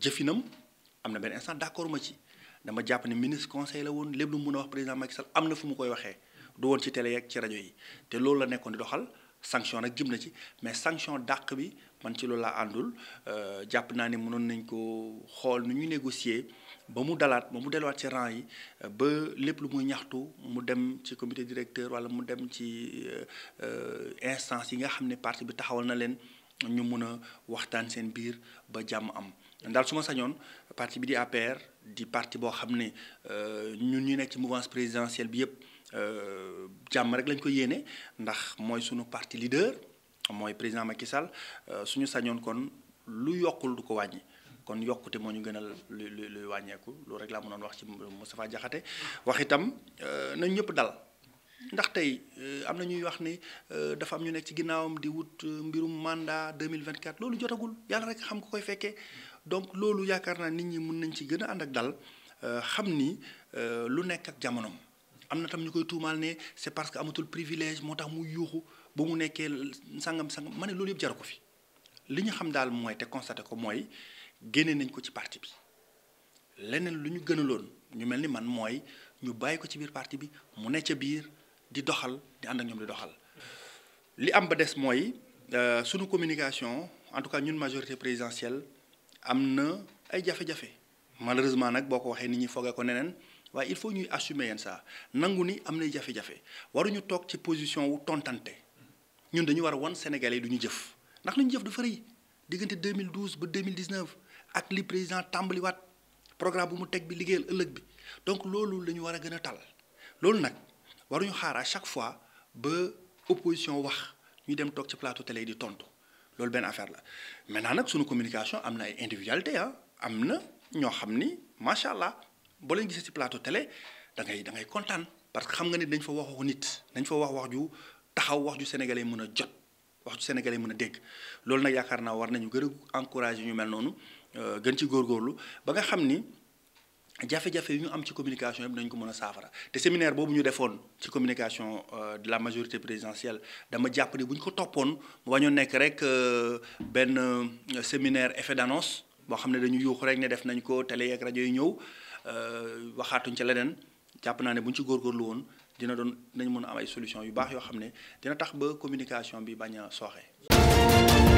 jëfinam am na benn instant d'accord ma ci dama jàpp ne ministre conseil la woon lépp lu mun a wax président Macky am na fu mu koy waxee du woon ci télé yeeg ci rajo yi te loolu la nekkoon di doxal sanction nag jëm na ci mais sanction dàq bi man ci loolu laa àndul euh, jàpp naa ne mënoon nañ ko xool nu ñuy négocier ba mu dalaat ba mu delluwaat ci rang yi ba lépp lu muy ñaxtu mu dem ci commité directeur wala mu dem ci euh, euh, instance yi nga xam ne partie bi taxawal na leen ñu mun a waxtaan seen biir ba jàmm am daal su ma sañoon parti bi di APR di parti boo xam ne euh, ñun ñu nekk ci mouvance présidentielle bi yëpp euh, jàmm rek lañ ko yéene ndax mooy suñu parti leader mooy président Macky Sall euh, suñu sañoon kon lu yokkul du ko wàññi. kon yokkute moo ñu gënal lu luy wàññeeku loolu rek laa mënoon wax ci Moustapha Diakhaté wax itam nañ ñëpp dal. ndax tey euh, am na ñuy wax ni euh, dafa am ñu nekk ci ginnaawam di wut euh, mbirum mandat 2024 loolu jotagul yàlla rek xam ko koy fekkee donc loolu yaakaar naa nit ñi mën nañ ci gën a ànd ak dal xam ni lu nekk ak jamonoom am na tam ñu koy tuumaal ne c'est parce que amatul privilège moo tax mu yuuxu ba mu nekkee sangam sangam ma ne loolu yëpp jaru ko fi li ñu xam daal mooy te constaté ko mooy génne nañ ko ci parti bi leneen lu ñu gënaloon ñu mel ni man mooy ñu bàyyi ko ci biir parti bi mu nekk ca biir. di doxal di ànd ak ñoom di doxal li am ba des mooy euh, sunu communication en tout cas ñun majorité présidentielle am na ay jafe-jafe malheureusement nag boo ko waxee nit ñi foogee ko neneen waaye il faut ñuy assumer yenn saa nangu ni am nay jafe-jafe waruñu toog ci position wu tontante ñun dañu war a wan Sénégalais yi du ñu jëf ndax lu ñu jëf du rëy diggante 2012 ba 2019 ak li président tàmbaliwaat programme bu mu teg bi liggéeyal ëllëg bi donc loolu la ñu war a gën a tal loolu nag waruñu xaar à chaque fois ba opposition wax ñu dem toog ci plateau télé di tontu loolu benn affaire la maintenant nag suñu communication am na ay individualité ah am na ñoo xam ni macha allah leen gisee ci plateau télé da ngay da ngay kontaan parce que xam nga ni dañ fa waxu nit dañ fa wax wax ju taxaw wax ju sénégalais mën a jot wax ju sénégalais mën a dégg loolu nag yaakaar naa war nañu gën a encourager ñu mel noonu euh, gën ci góorgóorlu ba nga xam ni jafé-jafé yu ñu am ci communication yëpp dañ ko mën a saafara te séminaire boobu ñu defoon ci communication euh, de la majorité présidentielle dama jàpp ni bu ñu ko toppoon mu wañoon nekk rek euh, benn euh, séminaire effet d'annonce boo xam ne dañu yuux rek ne def nañ ko télé ak rajo yi ñëw waxaatuñ ci leneen jàpp naa ne bu ñu ci góorgóorlu woon dina doon dinañ mën a am ay solution yu baax yoo xam ne dina tax ba communication bi bañ a sooxe.